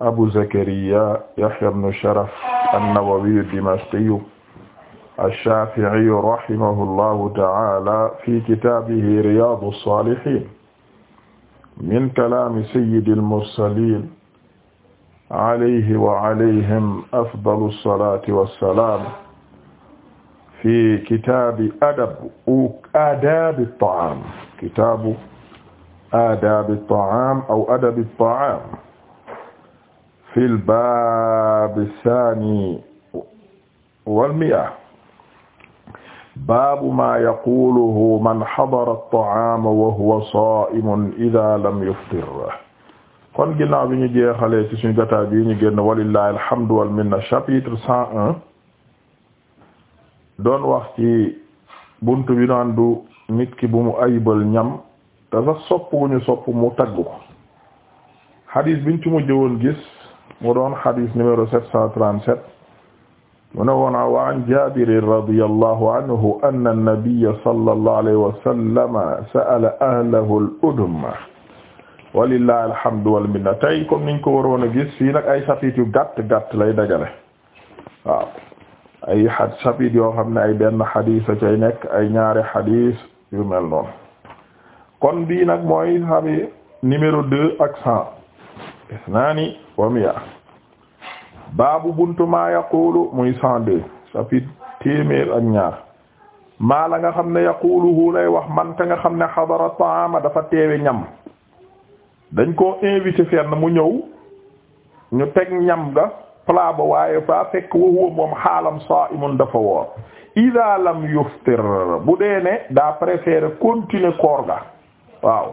abu zakariya yahya ibn sharaf an-nawawi ad-dimashqi ash-shafi'i rahimahullahu ta'ala fi kitabihi riyadu as-salihin min kalami sayyidil mursalin alayhi wa alayhim afdalu as-salati was-salam fi kitabi adab adab at-ta'am kitabu adab at-ta'am aw adab at-ta'am fil baabi saani wal miyaa baabu maa yaquluhu man xadara at-ta'aama wa huwa saa'imun idaa lam yuftir kon ginnaaw bi ñu jeexalee ci suñu jotaay bi ñu génn walillaahi alhamdu wal minna chapitre cent un doon wax ci buntu bi naan du nit ki bu mu ayibal ñam te sax sopp wu ñu sopp mu tagg ko xadiis biñ ci mujj woon gis. mu doon xadis numéro 737 mu ne woon wa an Jaabir radiyallahu anhu anna an-nabiyya sallallahu alayhi wa sallama sa'ala ahlahu al-udum walillahi alhamdu wal minna tey comme niñ ko waroon a gis fii nag ay chapitre yu gàtt gàtt lay dajale waaw ay a chapitre yoo xam ne ay benn xadis a cay nekk ay ñaari xadis yu mel noonu kon bii nag mooy xami numéro deux ak cent isnaani wa mi'a baabu buntu maa yaqulu muy cent deux chapitre téeméer ak ñaar maa la nga xam ne yaquluhu lay wax man nga xam ne xadara taama dafa teewe ñam dañ koo invité fenn mu ñëw ñu teg ñam ga plat ba waaye faa fekk wa moom xaalam sa'imun dafa woor ida lam yuftir bu dee ne daa préféré continuer koor ga waaw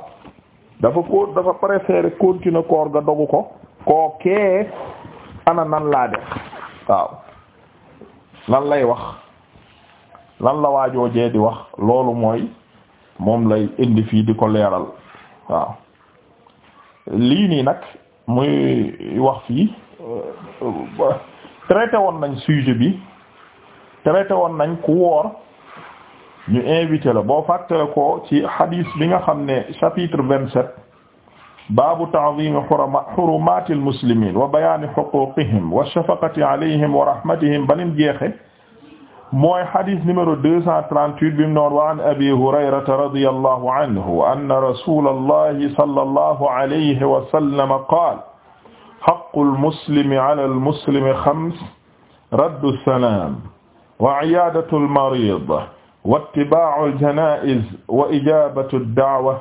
dafa ko dafa préféré continuer koor ga dogu ko koo kee ana nan laa def waaw lan lay wax lan la waajoojee di wax loolu mooy moom lay indi fii di ko leeral waaw lii nii nag muy wax fii traite woon nañ sujet bi traité woon nañ ku woor ñu invité la boo fàttale ko ci hadith bi nga xam ne chapitre vingt-sept baabu ta'zimi hurumatil muslimin wa bayaani huquqihim wa shafaqati alayhim wa rahmatihim banim jeexe mooy hadith numéro deux cent trente-huit bi mu noon wa an abi hurayrata radiyallahu anhu anna rasulallahi sallallahu alayhi wa sallam qaala haqqul muslimi alal muslimi xams raddu salaam wa iyaadatul mariid wattibaa'u al wa ijaabatu ad-da'wa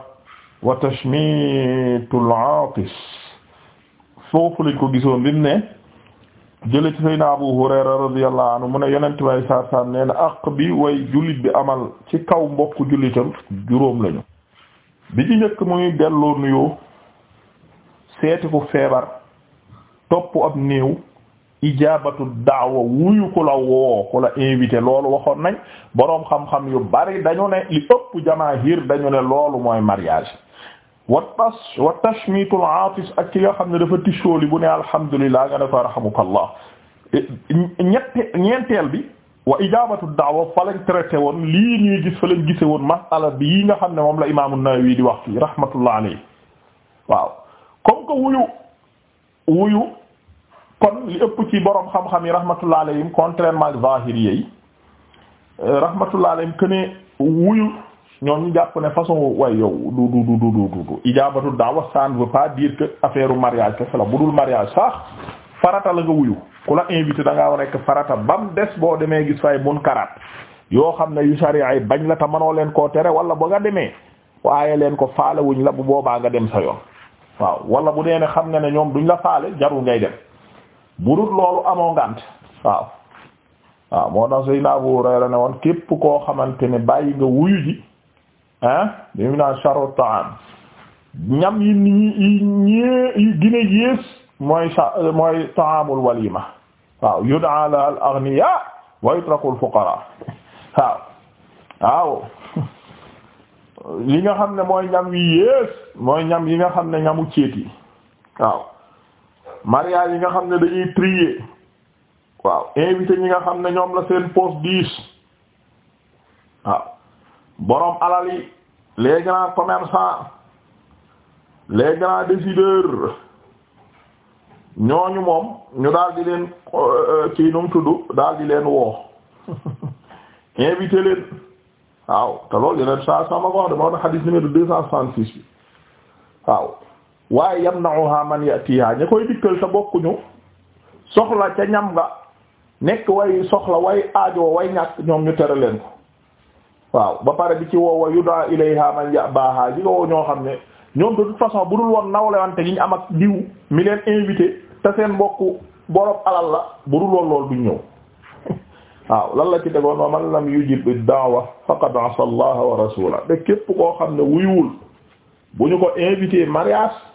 wa tashmiitu al-'aatis foofu ko gisoon bi mu ne jële Abu Hurayra radiyallahu anhu mu ne yonent way saa saa nee bi way jullit bi amal ci kaw mbokku jullitam juróom lañu bi ci njëkk muy delloo nuyoo seeti ku feebar topp ab néew ijabatu daawa wuyu ku la woo ku la invité loolu waxoon nañ boroom xam-xam yu bari dañu ne li ëpp jamaahir dañu ne loolu mooy mariage wa tas wa tashmitul aatis ak ki nga xam ne dafa tisóoli bu ne alhamdulillah a ne ko arhamukallah ñette ñeenteel bi wa ijabatu daawa fa lañ traité woon lii ñuy gis fa lañ gise woon masala bi yi nga xam ne moom la imaamu wii di wax fii rahmatullah alayhi waaw comme que wuyu wuyu kon li ëpp ci borom xam-xam yi rahmatullah alayhim contrairement zahiri yi euh, rahmatullah alayhim que ne wuyu ñoom ñu jàpp ne façon way yow du du du du du du ijaabatu da'wa ça ne veut pas mariage kese la bu dul mariage sax farata la nga wuyu ku la invité da ngaa war nekk farata bam des boo demee gis fay munkaraat yoo xam ne yu sariya yi bañ la te leen koo tere wala ba nga demee waaye leen ko faale wuñ la bu boobaa nga dem sa yoon waaw wala bu dee ne xam nga ne ñoom duñ la faale ngay dem. budul loolu amoo ngànt waaw waaw moo tax Seydina Abu Hurayra ne woon képp koo xamante ne bàyyi nga wuyu ji ah bi mu naan charu ta'am ñam yi nii yi ñee yi yées mooy sa mooy ta'amul walima waaw yud'a al aghniya wa yutraku al fuqara waaw waaw nga xam ne mooy ñam yi yées mooy ñam yi nga xam ne ñamu céet yi waaw mariage yi nga xam ne dañuy trier waaw invité ñi nga xam ne ñoom la seen poste diis waaw boroom alal yi les grands commerçants les grands décideurs ñooñu moom ñu daal di leen ci euh, num tudd daal di leen woo invité leen waaw te loolu yeneen saa sama ko wax dama ne xadiis numéro deux cent soixante-six bi waaw waaye yamna'uha man yatiha ña koy dikkal sa bokkuñu soxla ca ñam nga nekk way soxla way aajo way ñàkk ñoom ñu tere leen ko waaw ba pare bi ci woo wa yudaa ilayha man ya'baha ji woo ñoo xam ne ñoom de toute façon bu dul woon nawlewante gi ñu am ak diw mi leen invité te seen mbokku borom alal la bu dul woon lool duñ ñëw waaw lan la ci tegoon wa man lam yujib ad-da'wa faqad asa Allah wa rasula de képp koo xam ne wuyuwul bu ñu ko invité mariage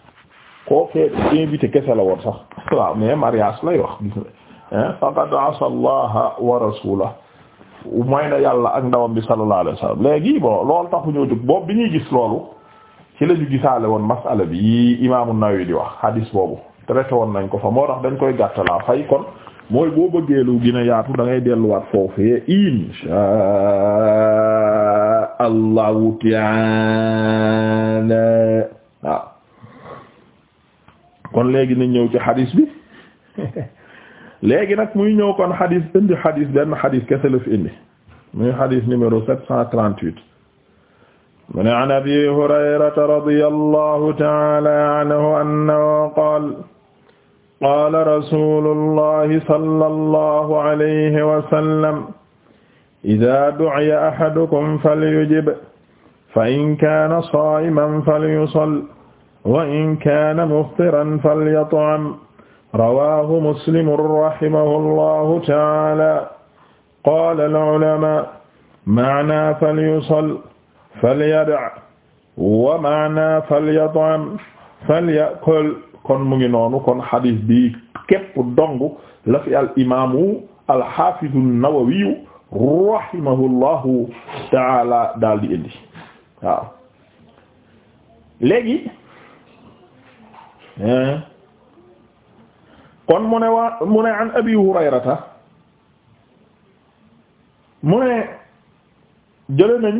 koo fee te kese la woon sax waaw mais mariage lay wax gis nga faqad asa allaha wa rasulahu mooy na yàlla ak ndawam bi sallallahu alayhi wasallam léegi bon loolu taxu ñoo jóg boobu bi ñuy gis loolu ci la ñu gisaale woon masala bi yi imaamu Nawawi di wax hadis boobu traité woon nañ ko fa moo tax dañ koy gàttalaa fay kon mooy boo bëggee lu gën yaatu da ngay delluwaat foofee insha allahu ta'ala kon léegi nañ ñëw ci xadis bi léegi nag muy ñëw kon xadis indi xadis benn xadis kese la fi indi muy xadis numéro 738 mu ne an abi hurayrata radiyallahu ta'ala anhu annahu qaala qaala rasulullahi sallallahu alayhi wa sallam idaa du'iya ahadukum falyujib fa in kaana saa'iman falyusalli wa in kaana muftiran falyat'am rawaahu muslim rahimahullahu ta'aala qaala al-'ulamaa ma'naa falyusal falyad' wa ma'naa falyat'am falya'kul kon mu ngi noonu kon xadis bi képp dong la fi al imaamu al-haafidu an-nawawiyu rahimahullahu ta'aala daal di indi waaw léegi kon mu ne waa mu ne an abi hurayrata mu ne jële nañ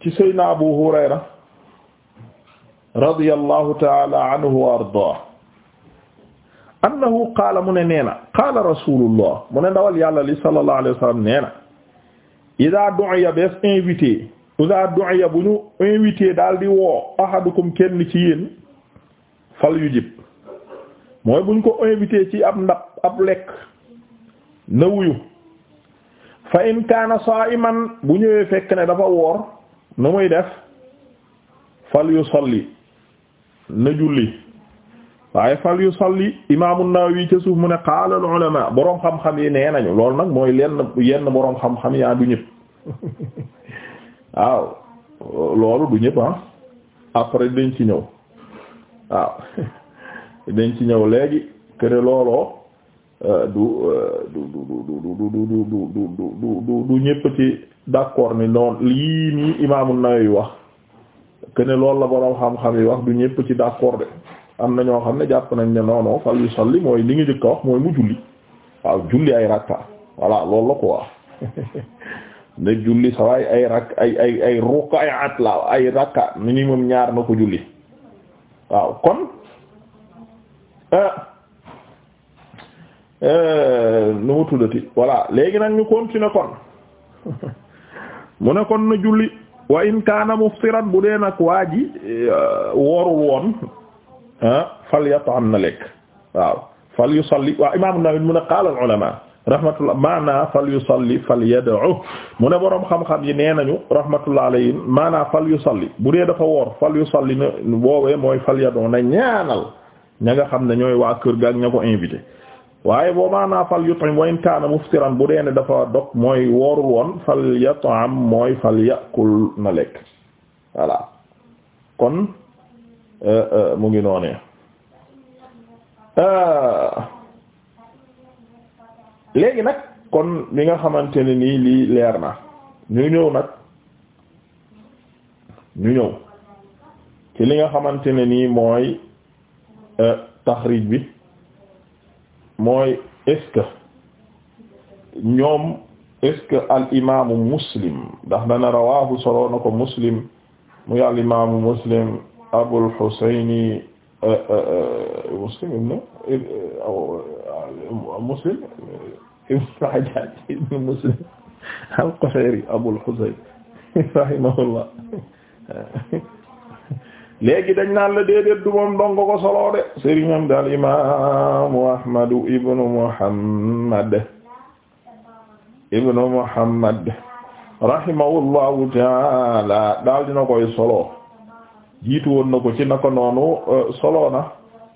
ci saydna abu taala anhu wa ardah annahu qaala mu ne nee na qaala rasulullah mu ne ndawal yàlla li sallallahu alayhi wa sallam nee na ida du'iya bees invité bu ñu invité daal di woo ahadukum kenn ci fal yu jib mooy buñ ko invité ci ab ndab ab lekk na wuyu fa in kaana man bu ñëwee fekk ne dafa woor na muy def fal yu yi na julli waaye fal yu solli imaamu yi ca suuf mu ne qaala al ulama boroom xam-xam yi nee nañu lool nag mooy lenn yenn boroom xam-xam yaa ah, du ñëpp waaw loolu du ñëpp ah après dañ ci ñëw waaw dañ ci ñëw léegi kër looloo du du du du du du ñépp ci d'accord ni noonu lii nii Imaam An-Nawawi wax que ne loolu la boroom xam-xam yi wax du ñépp ci d'accord de am na ñoo xam ne jàpp nañ ne non non fal yu salli mooy li nga jëkk a wax mooy mu julli waaw julli ay rakka voilà loolu la quoi ne julli sawaay ay rakk ay ay ay ruqa'at ay rakka minimum ñaar na ko julli. waaw kon euh, euh, nu mu tuddati voilà léegi nag ñu continuer kon mu ne kon na julli wa in kaana muftiran bu dee nag waa ji euh, woorul woon ah, fal yataan na lekk waaw fal yusalli waaw imaamu mu ne qaala al-ulamaa rahmatullah maanaa fal yusalli fal yad'u mu ne boroom xam-xam yi nee nañu rahmatullah alayhim maanaa fal yusalli bu dee dafa woor fal yusalli ne boobee mooy fal yad'u na ñaanal ña nga xam ne ñooy waa kër ga ak ña ko invité waaye boo maanaa fal yut'im wa in kaana muftiran bu dee ne dafa dog mooy woorul woon fal yat'am mooy fal ya'kul na lekk voilà kon euh, euh, mu ngi noonee euh, léegi nag kon li nga xamante ne nii lii leer na ñu ñëw nag ñu ñëw ci li nga xamante ne nii mooy euh, taxrij bi mooy est ñoom est-ce al imaamu muslim ndax dana rawaahu soloo na ko muslim muy al imaamu muslim abul xusayni euh, euh, muslim muslim ibnu Hajjaaj ibnu Muslim al-Qushayri Abul rahimahullah léegi dañ naan la déedéet du moom dong ko solo de sëriñam daal imaamu Ahmadu ibnu Muhammad ibnu Muhammad rahimahullahu taala daal dina koy solo jiitu woon na ko ci naka noonu euh, solo na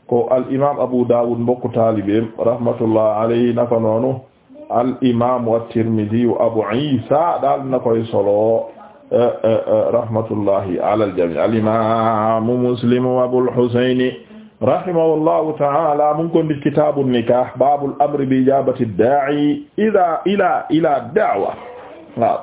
ko al Abu Dawud mbokku taalibeem rahmatullah alayhi naka noonu al imaamu at-Tirmidhi Abu Isa daal na koy solo eh, eh, eh, rahmatullahi ala al-jami' al imaamu Muslim Abul Husayn rahimahullahu ta'ala mu ngi ko ndi kitaabu nikah baabul amri bi ijaabati daa'i ila ila ila da'wa waaw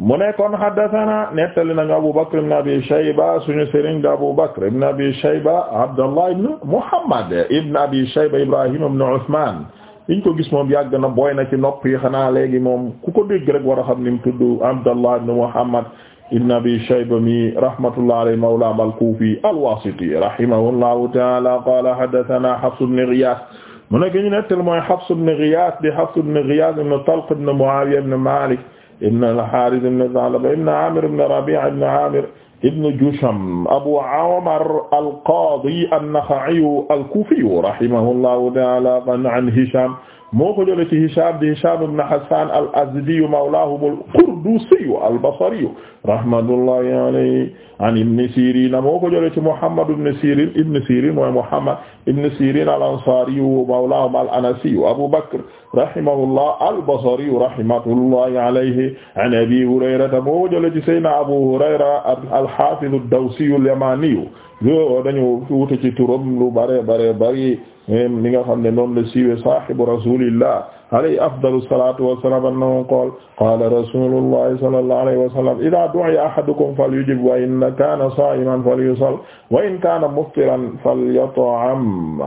mu ne kon haddathana nettali nañu Abu Bakr ibn Abi Shayba suñu sëriñ Abu Bakr ibn Abi Shayba Abdullah ibn Muhammad ibn Abi Shayba Ibrahim ibn Uthman liñ ko gis moom yàgg na booy na ci nopp yi xanaa léegi moom ku ko dégg rek war a xam ni mu tudd Abdallah ibn Muhammad ibn Abi Shayba mi rahmatullah alayhi mawlaam al-Kufi al-Wasiti rahimahullahu ta'ala qala haddathana Hafs ibn Ghiyath mu nekk ñu nettal mooy Hafs ibn Ghiyath di Hafs ibn Ghiyath ibn Talq ibn Muawiya ibn Malik ibn al-Harith Amir ibn Rabi' ibn Amir ibn Jusham Abu Umar al-Qaadi an-Naxa'i al-Kufi rahimahullahu ta'ala an Hisham moo ko jëlee ci Hisham di Hisham ibn Hasan al-Azdi mawlaahum al-Qurdusi al-Basri rahmatullahi alayhi an Ibn Sirin moo ko jëlee ci Muhammad ibn Sirin ibn Sirin mooy Muhammad ibn Sirin al-Ansari mawlahum al-Anasi Abu Bakr rahimahullah al-Basri rahmatullahi alayhi an Abi Hurayrata moo jële ci Seydina Abu Hurayra al-Hafiz ad-Dawsi al-Yamani yo dañu wute ci turam lu bare bare bari mi nga xam ne noonu la siiwe sahibu Rasulillah alayhi afdalu salatu wassalam annahu qaala qaala rasulullahi sallallahu alayhi wa sallam idha du'iya ahadukum falyujib wa in kana sa'iman falyusall wa in kana muftiran falyat'am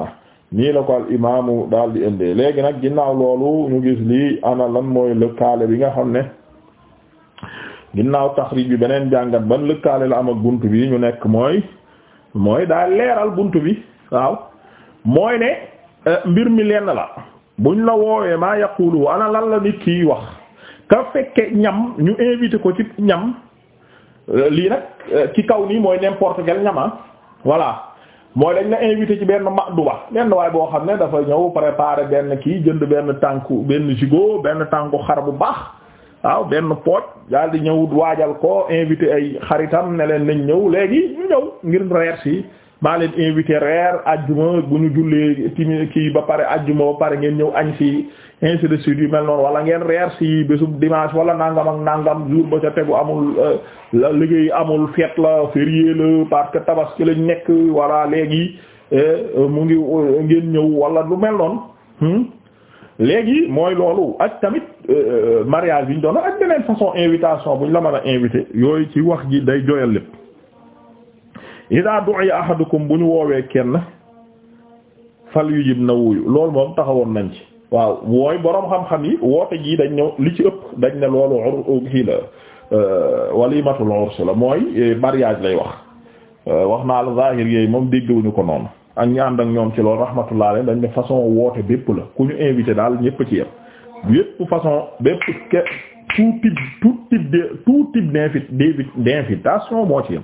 nii la ko al imaamu daal di indee léegi nag ginnaaw loolu ñu gis lii ana lan mooy lëkkaale bi nga xam ne ginnaaw taxrij bi beneen jàngat ban lëkkaale la am ak bunt bi ñu nekk mooy mooy daal leeral bunt bi waaw mooy ne eh, mbir mi lenn la buñ la woowee maa yaqulu ana lan la nit kii wax ka fekke ñam ñu invité ko ci ñam lii nag euh, ci kaw nii mooy n'importe quel ñam ah. voilà mooy lañ la invité ci benn maduba benn waay boo xam ne dafa ñëw préparer benn kii jënd benn tànku benn jigo benn tànku xar bu baax waaw benn pooj daal di ñëw waajal ko invité ay xaritam ne leen nañ ñëw léegi ñu ñëw ngir reer si maa leen invité reer ajjuma bu ñu jullee timi kii ba pare ajjuma ba pare ngeen ñëw añ ci ainsi de suite mel noonu wala ngeen reer si bésub dimanche wala nangam ak nangam jour ba ca tegu amul euh, la liggéey amul fiet la férié la parce que tabaski lañ nekk wala léegi euh, mu ngi euh, ngeen ñëw wala lu mel noonu hmm? léegi mooy loolu ak tamit mariage bi ñu doon ak beneen façon invitation ñu la mën a invité yooyu ci wax ji day joyal lépp idaa du'iya ahadukum bu ñu woowee kenn fal yujib na wuyu loolu moom taxawoon nañ ci waaw wooy boroom xam-xam yi woote jii dañ ne li ci ëpp dañ ne loolu ur uh, kii la uh, walimatul urs la mooy eh, mariage lay wax uh, wax naa la zahir yooyu moom déggwuñu ko noonu ak ñi ànd ak ñoom ci loolu rahmatullah alayhi dañ ne façon woote bépp la ku ñu invité daal ñëpp ci yem bépp façon bépp ke tout type tout type de tout type d'invi d'invitation moo ci yem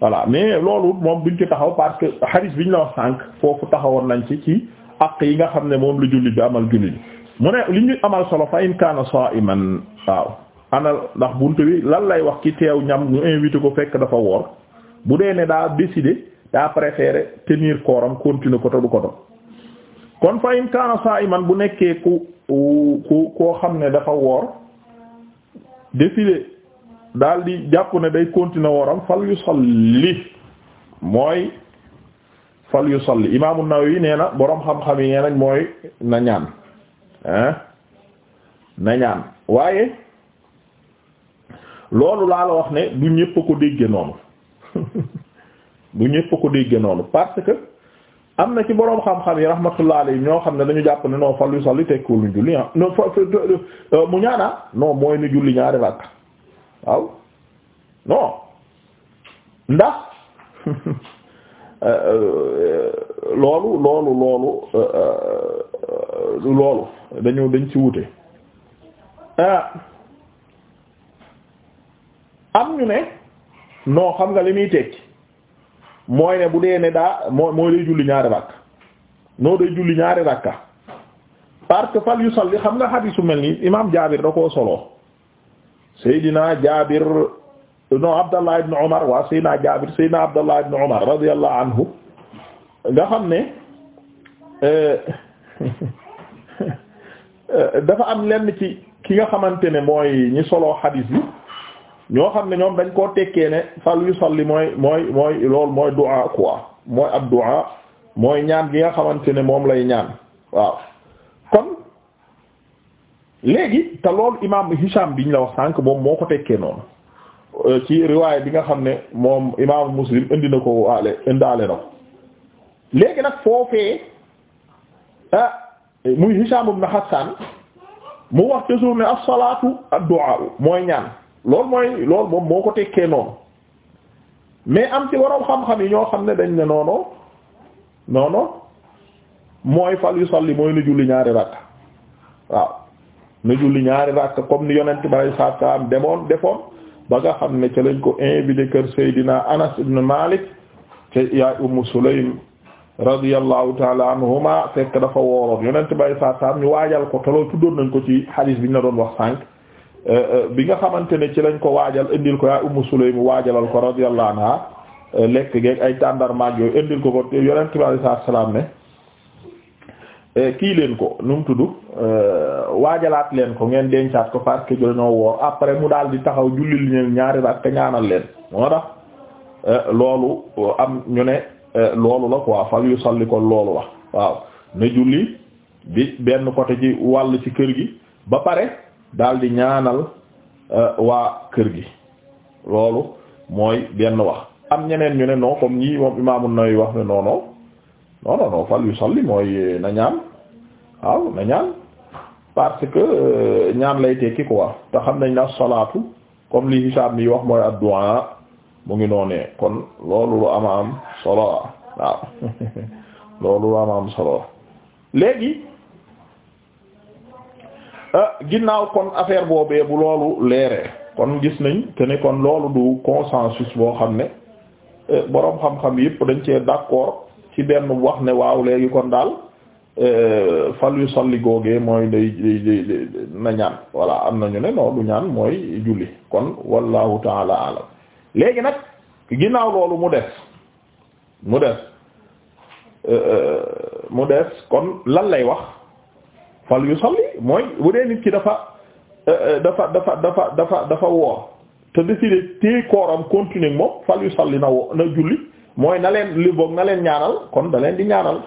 voilà mais loolu moom duñ ci taxaw parce que hadith bi ñu la wax sànq foofu taxawoon nañ ci ci àq yi nga xam ne moom la jullit bi amal bi mu ne li ñuy amal solo fa in kaana sa'iman waaw ana ndax bunt bi lan lay wax ki teew ñam ñu invité ko fekk dafa woor bu dee ne daa décidé daa préféré tenir kooram continuer ko te du ko doon kon fa in kaana sa'iman bu nekkee ku ku koo xam ne dafa woor décidé daal di jàpp ne day continuer woram fal yusalli mooy fal yusalli imaamu Nawawi nee na boroom xam-xam yi nee mooy na ñaan ah na ñaan waaye loolu laa la wax ne du ñépp a ko dégge noonu du ñépp a ko dégge noonu parce que am na ci boroom xam-xam yi rahmatullah alayhi ñoo xam ne dañu jàpp ne non fal yusalli tekkiwul ñu julli ah non euh, mu ñaana non mooy ni julli ñaari ràkk waaw no ndax euh, euh, loolu loolu loolu euh, loolu dañu dañ ci wute am ñu ne non xam nga li muy tekki mooy ne bu dee ne daa moo moo day julli ñaari rakk noo day julli ñaari rakka parce que fal yu salli xam nga xadiisu mel ni imaam Jaabir da koo solo Seydina Jaabir non Abdallah ibn Umar waaw Seydina Jaabir Seydina Abdallah ibn Umar radiyallahu anhu nga xam ne eh, dafa am lenn ci ki nga xamante ne mooy ñi solo xadiis bi ñoo xam ne ñoom dañ koo tekkee ne fal yu salli mooy mooy mooy loolu mooy du'a quoi mooy ab du'a mooy ñaan gi nga xamante moom lay ñaan waaw léegi te loolu imaam Hisham ñu la wax sànq moom moo ko tekkee noonu euh, ci riwaay bi nga xam ne moom imaam Muslim indi na ko waale indaale na ko léegi nag foofee ah muy Hisham ibn Hassan mu wax ca suuf ne as-salaatu ad-du'a mooy ñaan loolu mooy loolu moom moo ko tekkee noonu mais am ci waroom xam-xam yi ñoo xam ne dañ ne noono noono mooy fal yu yusalli mooy na julli ñaari rakka waaw na julli ñaari rakka comme ni yonent bi saa saa am demoon defoon ba nga xam ne ca lañ ko invité kër Seydina Anas ibn Malik ca yaay Ummu Sulaym radiyallahu taala anhuma fekk dafa wooroon yonent bi saa saa am ñu waajal ko te loolu tuddoon nañ ko ci hadis bi ñu la doon wax sànq eh, eh, bi nga xamante ne ci lañ ko waajal indil ko yaay Ummu Sulaym waajalal ko radiyallahu anha eh, lekk geeg ay tàndarmaag yooyu indil ko ko yonent bi saa salaam ne. Eh, kii leen ko nu mu tudd eh, waajalaat leen ko ngeen dencaat ko parce que dañoo woor après mu daal di taxaw jullil leen ñaari raak te ñaanal leen moo tax eh, loolu am ñu ne loolu la quoi fal yu salli ko loolu wax waaw ne julli bi benn côté ci wàll ci kër gi ba pare dal di ñaanal waa kër gi loolu mooy benn wax am ñeneen ñu ne noo comme ñii moom Imaam An-Nawawi wax ne non non fal yu salli mooy na ñaan waaw na ñaan parce que euh, ñaan lay tekki quoi te xam nañ na salaatu comme li Hicham mi wax mooy addu'a mu ngi noonee kon loolu lu ama am solo waaw loolu lu ama am solo léegi euh, ginnaaw kon affaire boobee bu loolu leeree kon gis nañ te ne kon loolu du consensus boo xam ne euh, boroom xam-xam yëpp dañ cee d'accord ci benn wax ne waaw léegi kon daal Euh, fal yu salli googee mooy day day day na ñaan voilà am na ñu ne non ñaan mooy julli kon wallahu taala alam léegi nag ginnaaw loolu mu des mu des euh, euh, mu kon lan lay wax fal yu salli mooy bu dee nit ki dafa dafa dafa dafa dafa dafa woor te décidé téye kooram continuer moom fal yu salli na wo na julli mooy na leen li boog na leen ñaanal kon da leen di ñaanal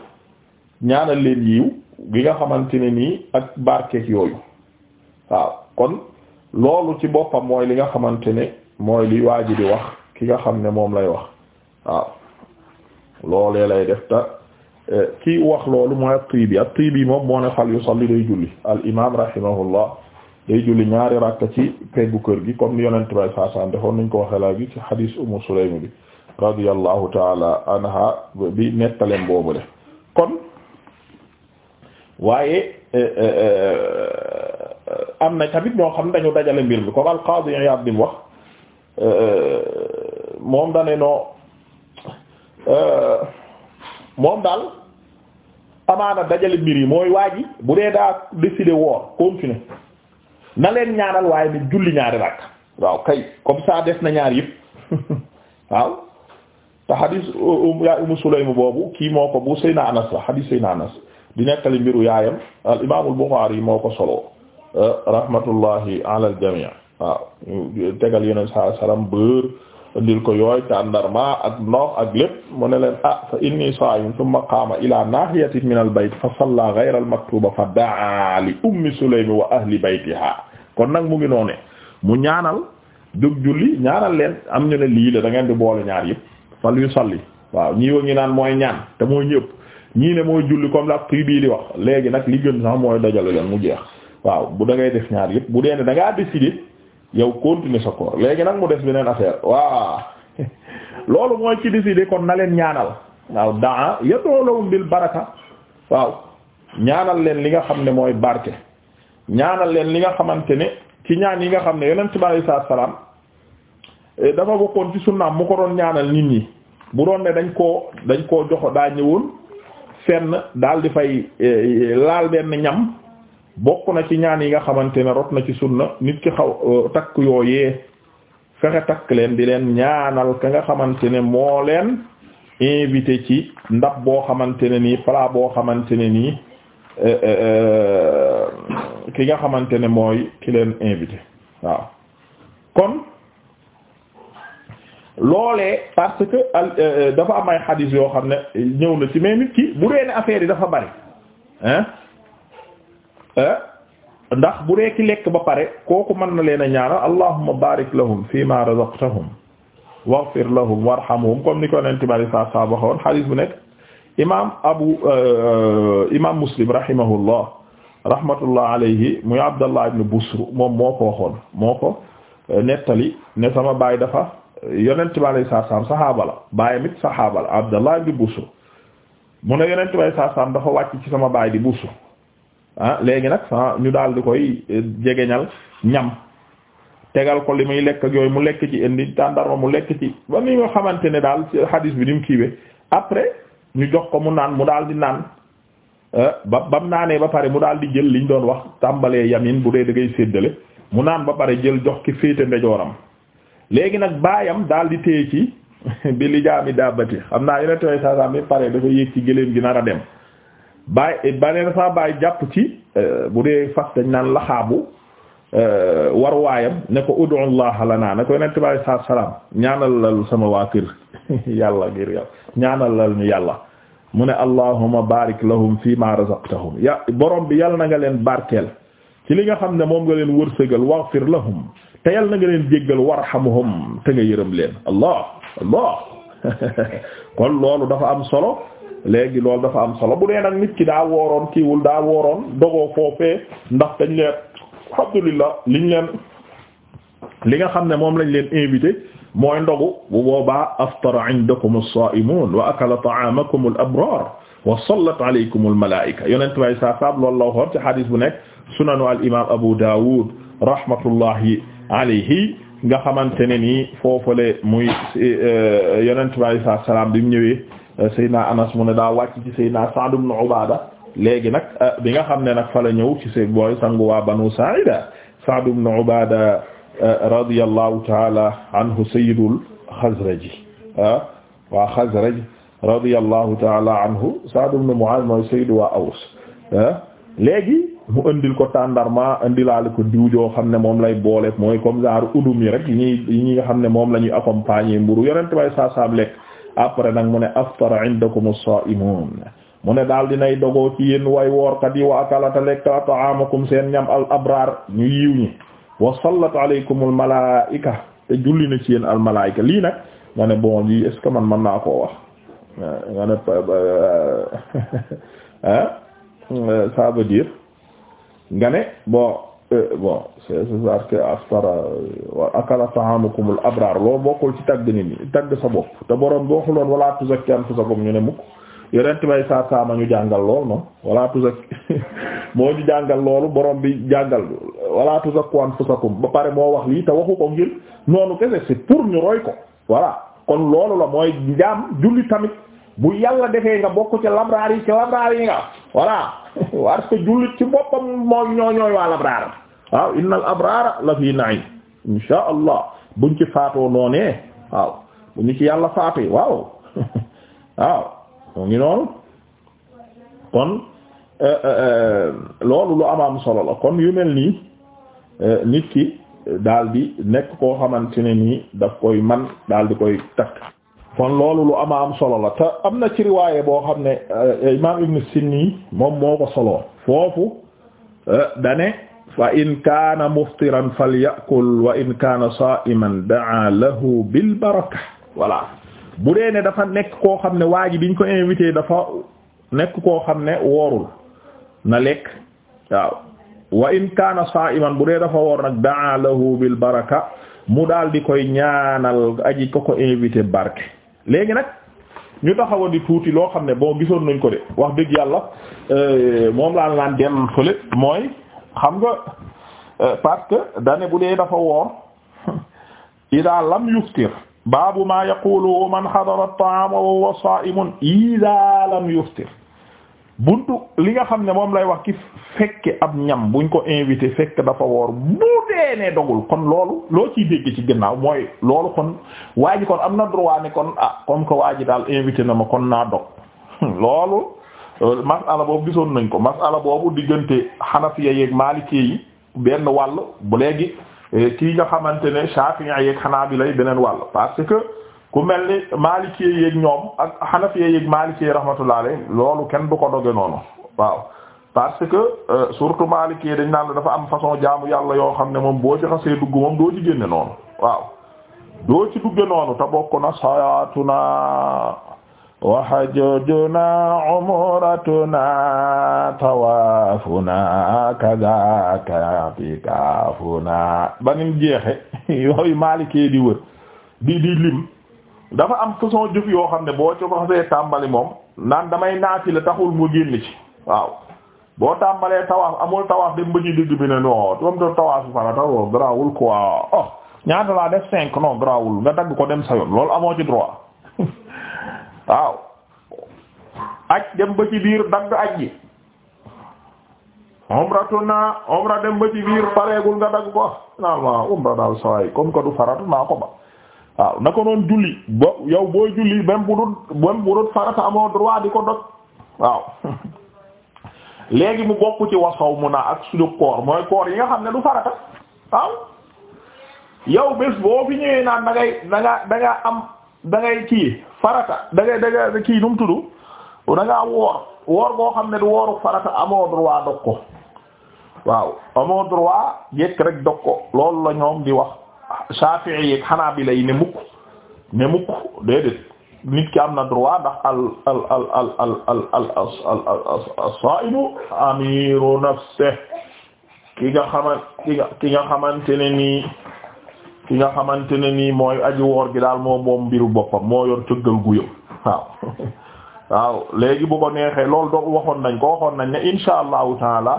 ñaanal leen yiw gi nga xamante ne nii ak barkeek yooyu waaw kon loolu ci boppam mooy li nga xamante ne mooy li waaju ji di wax ki nga xam ne moom lay wax waaw loolee lay def ta eh, ki wax loolu mooy at-Tiibi at-Tiibi moom moo ne fal yusalli day julli al imaam rahimahullah day julli ñaari rakka ci peggu kër gi comme ni yonent bay saasaan nañ ko waxee laa gi ci hadis Ummu Sulaym bi radiyallahu taala anha bi nettaleen boobu de kon waaye euh, euh, euh, am na tamit ñoo xam ne dañu dajale mbir mi comme al qadi Iyad bi mu wax moom dane noo moom daal amaana dajale mbir yi mooy waa ji bu dee daa décider woor continuer na leen ñaanal waaye ni julli ñaari rakk waaw kay comme ça def na ñaar yëpp waaw te xadiis um, yaa Umm Sulaym boobu kii moo ko bu Seyna Anas la xadiis Seyna Anas di nettali mbiru yaayam al imaamul Buxaari yi moo ko solo eh, rahmatullahi ala al jamii waaw tegal yeneen saa salaam bër ndil ko yooy tàndarma ak noox ak lépp mu ne leen ah fa inni saayim thumma qaama ila naahiyatin min al bayt fa salla ghayra al maktuba fa daa li ummi wa ahli baytiha kon nag mu ngi noone mu ñaanal jóg julli ñaanal leen am ñu ne lii la da ngeen di boole ñaar yëpp fal yu salli waaw ñii ngi naan mooy ñaan te mooy ñëpp ñii ne mooy julli comme la prix bii di wax léegi nag li gën sax mooy dajale leen mu jeex waaw bu da def ñaar yëpp bu dee ne da ngaa décider yow continuer sa koor léegi nag mu des beneen affaire waaw loolu mooy ci décider kon na leen ñaanal waaw daa yatoolawum bil baraka waaw ñaanal leen li nga xam ne mooy barke ñaanal leen li nga xamante ne ci ñaan yi nga xam ne yonent bi alayhi salaam eh, dafa bokkoon ci sunnaam mu ko doon ñaanal nit ñi bu doon dañ koo dañ koo joxo daa fenn daal di fay eh, laal benn ñam bokk na ci ñaan yi nga xamante ne rot na ci sunna nit ki xaw eh, takk yooyee fexe takk leen di leen ñaanal ka nga xamante ne moo leen invité ci ndab boo xamante ne nii plat boo xamante ne nii eh, ki nga xamante ne mooy ki leen invité waaw kon loole parce euh, euh, dafa am ay xadiis yoo xam ne ñëw na ci mais nit ki bu dee ne affaire yi dafa bari euh, ndax bu dee lekk ba pare kooku mën na leen a ñaanal lahum fi ma razaqtahum waghfir lahum warhamhum comme ni ko neen tibari saa saa waxoon xadiis bu nekk imaam abu imaam muslim rahimahullah rahmatullah alayhi muy abdallah ibn busru moo ko waxoon moo ko nettali ne sama baay dafa yonent bi alayhi salaam saxaaba la baayam it saxaaba Abdallah ibn Busr mu ne yonent bi alayhi wàcc ci sama baay di Busr ah léegi nag sa ah, ñu daal di koy eh, jegeñal ñam tegal ko li muy lekk yooyu mu lekk ci indi tàndarma mu lekk ci ba ni nga xamante ne daal ci bi nim mu kiiwee après ñu jox ko mu naan mu daal di naan eh, ba bam naanee ba pare mu daal di jël liñ doon wax tàmbalee yamin bu dee da ngay séddale mu naan ba pare jël jox ki féete ndejooram léegi nag baayam daal di téye ci bi li jaami daabati xam naa yonent way saa saa mi pare dafa yéeg ci gëléem gi nar a dem baay eh, baneen saa baay jàpp ci eh, bu dee fas dañ naan laxaabu eh, war waayam ne ko ud'u Allah lana ne ko yonent bi salaam ñaanal lal sama waa yàlla ngir yàlla ñaanal lal ñu yàlla mu ne allahumma barik lahum fi ma ya borom bi yàlla na nga leen barkeel ci li nga xam ne moom nga leen wërsëgal waghfir lahum te yal na nga leen jéggal warhamhum te nga yërëm leen allah allah kon loolu dafa am solo léegi loolu dafa am solo bu dee nag nit ki daa wooroon kiiwul daa wooroon dogoo foofee ndax dañ leen alhamdulillah liñ leen li nga xam ne moom lañ leen invité moo ndogu bu boobaa aftara indakum as-sa'imun wa akala ta'amakum al-abrar wa sallat alaykum al-mala'ika yonent way sa sab loolu la waxoon ci hadis bu nekk sunanu al imam Abu Dawud rahmatullahi alayhi nga xamante ne nii foofale muy eh, yonent bi alayhi salaatu salaam bi mu ñëwee eh, Seydina Anas mu ne daa wàcc ci Seydina Sa'd ibn Ubaada léegi nag eh, bi nga xam ne nag fa la ñëw ci seeg booy sangu waa Banu Saa'ida Sa'd ibn Ubaada radiyallahu ta'ala anhu sayyidul Xazraji ah waa Xazraj radiyallahu ta'ala anhu Sa'd ibn Mu'aaz mooy sayyidu waa Aws léegi mu indil ko tàndarma indilaale ko diw joo xam ne moom lay boole mooy comme genre udum yi rek yi ñuy ñi nga xam ne moom la ñuy accompagner mburu yonent bay saa saam lekk après nag mu ne aftara indakum as-sa'imun mu ne daal dinay dogoo ci way woorkat yi wa akalata lekk ta'amakum seen ñam al abrar ñu yiw ñi wa sallat alaykum al malaika te julli na ci yéen al malaika lii nag nga ne bon lii est ce que man mën naa koo wax nga ne ça veut dire nga ne bo euh, bo c'est parce que aftara euh, wa akala ta'amukum al abrar loolu bokkul ci tagg nit ñi tagg sa bopp te borom bi waxuloon wala tuzakki anfusakum ñu ne mukk yonent bay saa saa ma ñu jàngal lool noonu wala tuzakki moo ñu jàngal loolu borom bi jàngal wala tuzakku anfusakum ba pare moo wax lii te waxu ko ngir noonu kese c'est pour ñu roy ko voilà kon loolu la mooy jaam julli tamit. bu yàlla defee nga bokk ci labraar yi ci labraar yi nga voilà war ko jullit ci boppam moom ñoo ñooy waa labraar waaw innal abraara la fii na'im insha allah buñ ci faatoo noonee waaw bu ñu ci yàlla faatoo waaw waaw mu ngi noonu kon euh, euh, euh, loolu lu amaam solo la kon yu mel nii nit ki daal di nekk koo xamante ne nii daf koy man daal di koy takk kon loolu lu ama am solo la am na ci riwaaye boo xam ne eh, imaam ibn Sinni moom moo ko solo foofu eh, dane fa in kaana muftiran falyakul wa in kaana saa'iman daa lahu bil baraka voilà bu dee ne dafa nekk koo xam ne waa ji biñ ko invité dafa nekk koo xam ne woorul na lekk waaw wa in saa'iman bu dee dafa woor nag daa lahu bil baraka mu daal di koy ñaanal aji ko ko invité barke léegi nag ñu taxawa di tuuti loo xam ne boo gisoon nañ ko de wax dëgg yàlla euh, moom laa laan delloo fële mooy xam nga euh, parce que dane bu dee dafa woor ida lam yuftir baabu ma yaqulu man xadara at-ta'am wa huwa lam yuftir buntu li nga xam ne moom lay wax ki fekk ab ñam buñ ko invité fekk dafa woor bu dee ne dogul kon loolu loo ciy dégg ci ginnaaw mooy loolu kon waa kon am na droit ne kon ah comme que waa ji daal invité na ma kon naa dog loolu euh, masala boobu gisoon nañ ko masala boobu diggante xanafiya yeeg maaliki yi benn wàll bu léegi eh, kii nga xamante ne shafi'i yeeg xanaa bi lay beneen wàll parce que ku mel ni Maliki yeeg ñoom ak Hanafi yeeg Maliki rahmatullah alayhi loolu kenn du ko doge noonu waaw parce que euh, surtout Maliki dañ naan dafa am façon jaamu yàlla yoo xam ne moom boo ci xasee dugg moom doo ci génne noonu waaw doo ci dugge noonu te bokk na sayaatuna wa hajjuna umratuna tawaafuna kadaka tikaafuna banim jeexe yooyu Maliki di wër di di lim dafa am façon jëf yoo xam ne boo ci xasee tàmbali moom naan damay naati la taxul mu génn ci waaw boo tàmbalee tawaaf amul tawaaf dem ba ci digg bi ne non oh laa def cinq non garaawul nga ko loolu amoo ci droit waaw aj dem ba ci biir dagg aj ji umra tuna umra dem ba ci biir pareegul nga dagg ko naan waaw umra daal sawaay comme que du farata naa ko ba waaw na ko noon julli bo yow boo julli même bu dul même bu dul farata amoo droit di ko dog waaw léegi mu bokk ci wasaw mun a ak suñu koor mooy koor yi nga xam ne du farata waaw yow bés boo fi ñëwee naan da danga da am da ngay kii farata da ngay da nga kii nu mu tudd da woor woor boo xam ne du wooru farata amoo droit dog ko waaw amoo droit jekk rek dog ko loolu la ñoom di wax Shafi'i yi Hanabila yi ne mukk ne mukk déedéet nit ki am na droit ndax al al al al al al al al as-sa'ibu amiru nafsihi ki nga xaman ki nga ki nga xamante ne nii ki nga xamante ne nii mooy aji woor gi daal moom moom mbiru boppam moo yor cëggal gu yëpp waaw waaw léegi bu ko neexee loolu doo waxoon nañ ko waxoon nañ ne insha allahu taala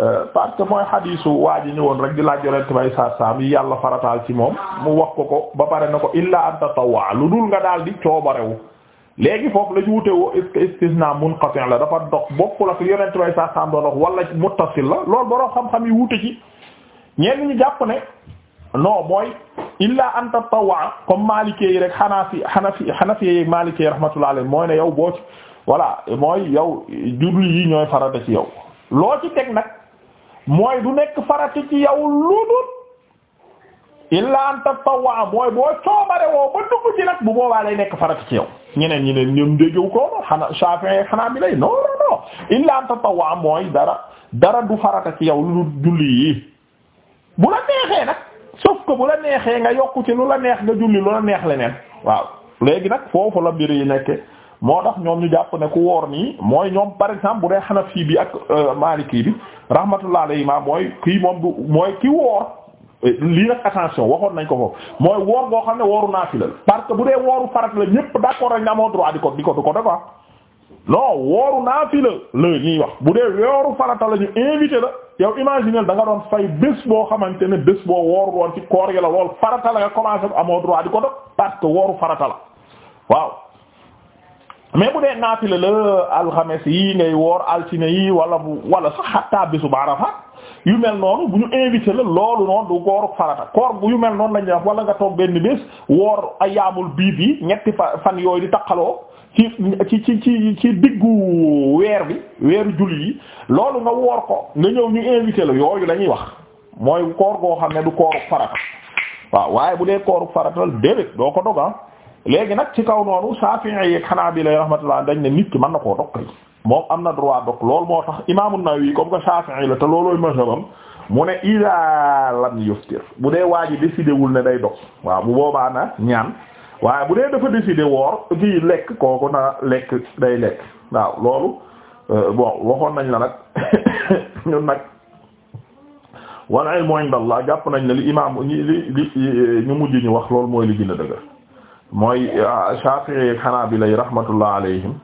Euh, parce que mooy xadiisu waa ji ñëwoon rek di laaj yonent bay saa saam yi yàlla farataal ci moom mu wax ko ko ba pare na ko illa an tatawwa lu dul nga daal di coobarewu léegi foofu la ñu wute woo est-ce que istisna la dafa dox bokkul ak yonent bay saa saam doon wax wala muttasil la loolu borom xam-xam yi wute ci ñenn ñu jàpp ne no mooy illa an tatawwa comme Maalikee yi rek Hanafi Hanafi Hanafi yeeg Maalikee rahmatullahi alayhi mooy ne yow boo ci mooy yow julli yi ñooy farata ci yow mooy du nekk farati ci yow lu dul illa an mooy boo coobare ba dugg ci nag bu boobaa nekk farati ci yow ñeneen ñi ne ñoom ko xana Shafi'i xanaa bi lay non non non illa mooy dara du farata ci yow lu dul julli yi bu la neexee nag sauf que bu la neexee nga yokku ci lu la neex nga julli lu la neex leneen waaw léegi nag foofu la mbir nekke moo tax ñoom ñu jàpp ne ku woor nii mooy ñoom par exemple bu dee Hanafi bi ak euh, kii bi rahmatullah alayhi ma mooy kii moom du mooy ki woor euh, lii nag attention waxoon nañ ko foofu mooy woor ngoo xam ne wooru naafila la parce que bu dee wooru farat la ñëpp d'accord nañ ne amoo droit di ko di ko di ko def ah non wooru naafila la ñuy wax bu dee wooru farata la ñu invité la yow imaginer da nga doon fay bés boo xamante ne bés boo wooru woon ci koor yi la lool la nga commencé amoo droit di ko def parce que wooru farata waaw mais bu dee naafila la alxames yi ngay woor altine yi wala bu wala sax xattaa bésu Arafa yu mel noonu bu ñu invité la loolu noonu du kooru farata koor bu yu mel noonu lañu def wala nga toog benn bés woor ayaamul biib yi ñetti fan yooyu di taqaloo ci ci ci diggu weer bi weeru julli yi loolu nga woor ko nga ñëw ñu invité la yooyu lañuy wax mooy koor goo xam ne du kooru farata waaw waaye bu dee kooru farata déedéet doo ko doga ah. léegi nag ci kaw noonu Shafi'i yeeg Hanabila rahmatullah dañ ne nit ki mën na koo dog kay moom am na droit dog lool moo tax Imam An-Nawawi comme que Shafi'i la te loolooy mazhabam mu ne iza lam bu dee waa ji décidé wul ne day dog waaw bu boobaa na ñaan waaye bu dee dafa décidé woor kii lekk kooku na lekk day lekk waaw loolu bon waxoon nañ la nag ñun nag wal ilmu inda Allah jàpp nañ ne li imam li li ñu mujj wax loolu mooy li gën mooy ah, Shafi'i ak Hanabila rahmatullah alayhim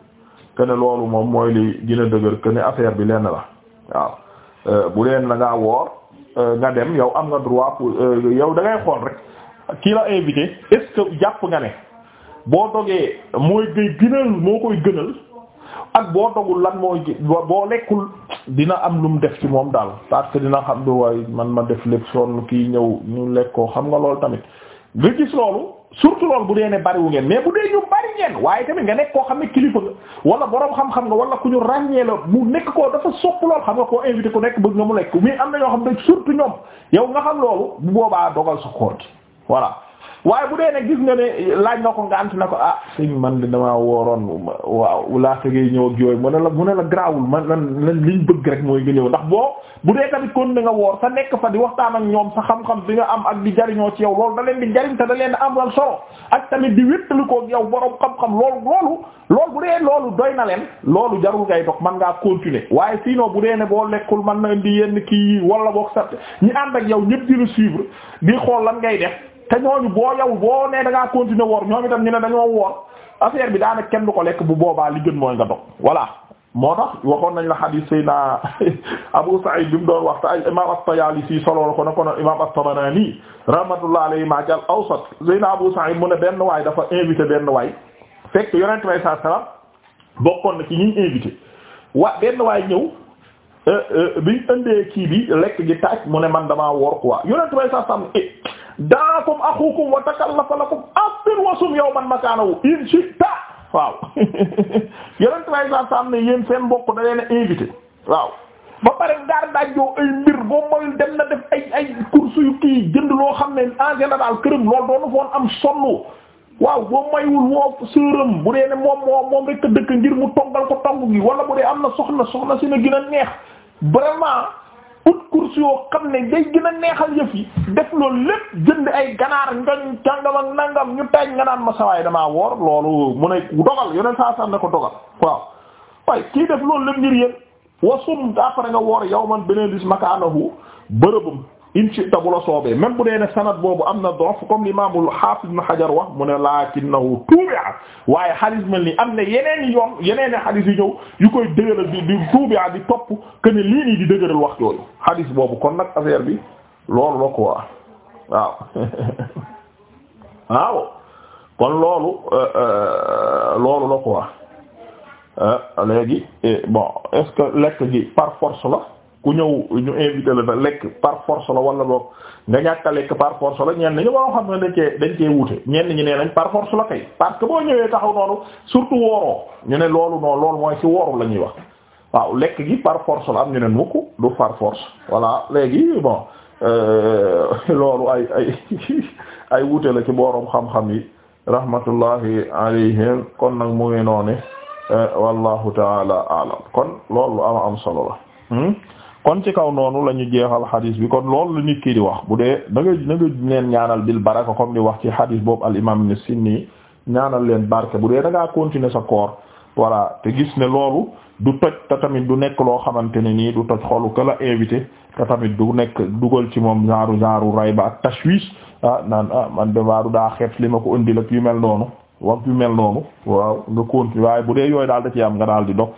kene loolu moom mooy li gën a dëgër kene affaire bi lenn la waaw euh, bu leen la ngaa woor euh, nga dem yow am nga droit pour euh, yow da ngay xool rek kii la invité est-ce jàpp nga ne boo dogee mooy gay gënal moo koy gënal ak boo dogul lan mooy boo lekkul dina am lu mu def ci moom daal parce que dina xam man ma def lépp sonn kii ñëw ñu lekkoo xam nga loolu tamit nga gis loolu surtout loolu bu dee ne bariwu ngeen mais bu dee ñu bari ngeen waaye tamit nga nekk koo xam ne kilifa nga wala borom xam-xam nga wala ku ñu ràññee la mu nekk koo dafa sopp lool xam nga koo invité ku nekk bëgg nga mu lekk mais am na ñoo xam ne surtout ñoom yow nga xam loolu boobaa dogal sa koor gi waaye bu dee nag gis nga ne laaj nga ko nga ant na ko ah sëñ man di damaa wooroon waaw laa ngay ñëw ak yooyu mu ne la mu ne la grawul man lan liñ bëgg rek mooy nga ñëw ndax boo bu dee tamit kon da nga woor sa nekk fa di waxtaan ak ñoom sa xam-xam bi nga am ak di jariñoo ci yow loolu da leen di jariñ te da am wal solo ak tamit di wéttalu koog yow borom xam-xam loolu loolu loolu bu dee loolu doy na leen loolu jarul ngay dox man ngaa continuer waaye sinon bu dee ne boo lekkul man na indi yenn kii wala boog ñi ànd yow ñëpp di la xool lan ngay def te ñooñu boo yow boo nee da ngaa continuer woor ñoom itam ñu ne dañoo woor affaire bi daanaka kenn du ko lekk bu boobaa li gën mooy nga dog voilà moo tax waxoon nañ la hadith sayna Abu Sa'id bi mu doon waxta ay imam at-Tayalisi solo ko na ko imam at-Tabarani rahmatullahi alayhi ma jal awsat sayna Abu Sa'id mu ne benn waay dafa invité benn waay fekk yonent way sa salam bokkoon na ci ñi invité wa benn waay ñëw euh, euh, bi indee kii bi lekk gi taaj mu ne man daakum axukum wa takallafa lakum afir wasum yawman makaanahu in shi'ta waaw yonent way sa sam ne yéen seen mbokk da leen invité waaw ba pare ngaar daajjoo ay mbir boo moyul dem na def ay ay course yu kii jënd loo xam ne en général këram loolu doonu foon am sonn waaw boo mayul woo sërëm bu dee ne moom moo moom rekk dëkk ngir mu tongal ko tong gi wala bu dee am na soxna soxna si na gën a neex vraiment ut course yoo xam ne day gën a neexal yëf yi def loolu lépp jënd ay ganaar njoñ càngam ak nangam ñu taaj nga naan ma sawaay damaa woor loolu mu ne dogal yoneen saa sax ne ko dogal waaw waaye kii def loolu lépp ngir yéen wasum après nga woor yow man beneen bis makaanahu bërëbam incha ta bu la soobee même dee ne sanad boobu am na dof comme l'imam al-Hafiz Ibn Hajar wax mu ne lakinnahu tubi'a waaye xadis mel ni am na yeneen yoon yeneen i xadis yu ñëw yu koy dëgëral di di tubi'a di topp que ne lii nii di dëgëral wax yooyu xadis boobu kon nag affaire bi loolu la quoi waaw waaw euh, euh, la quoi euh, léegi eh, bon est gi par force la. ku ñëw ñu invité la na lekk par force la wala boog nga ñàkk a lekk par force la ñeen ñu boo xam ne dañ cee dañ cee ñi nee nañ par force la kay parce que boo ñëwee taxaw noonu surtout wooroo ñu ne loolu noonu loolu mooy ci wooru la ñuy wax waaw lekk gi par force la am ñu ne mukk du par force léegi bon euh, loolu ay ay ay wuute la ci booroom xam-xam yi rahmatullahi alayhim kon nag mu ngi noonu euh, wallahu taala alam kon loolu ama am solo la hmm? kon ci kaw noonu la ñu jeexal xadis bi kon loolu la nit ki di wax bu dee na nga na nga leen ñaanal bil baraka comme di wax ci xadis boobu al imam ni sinni ñaanal leen barke bu dee da ngaa continuer sa koor voilà te gis ne loolu du toj te tamit du nekk loo xamante ne nii du toj xolu ka la invité te tamit du nekk dugal ci moom genre genre ray ba ak tashwish ah naan ah man de waaru daa xeet li ma ko ëndil ak yu mel noonu wax yu mel noonu waaw nga continuer waaye bu dee yooyu daal da ci am nga daal di dox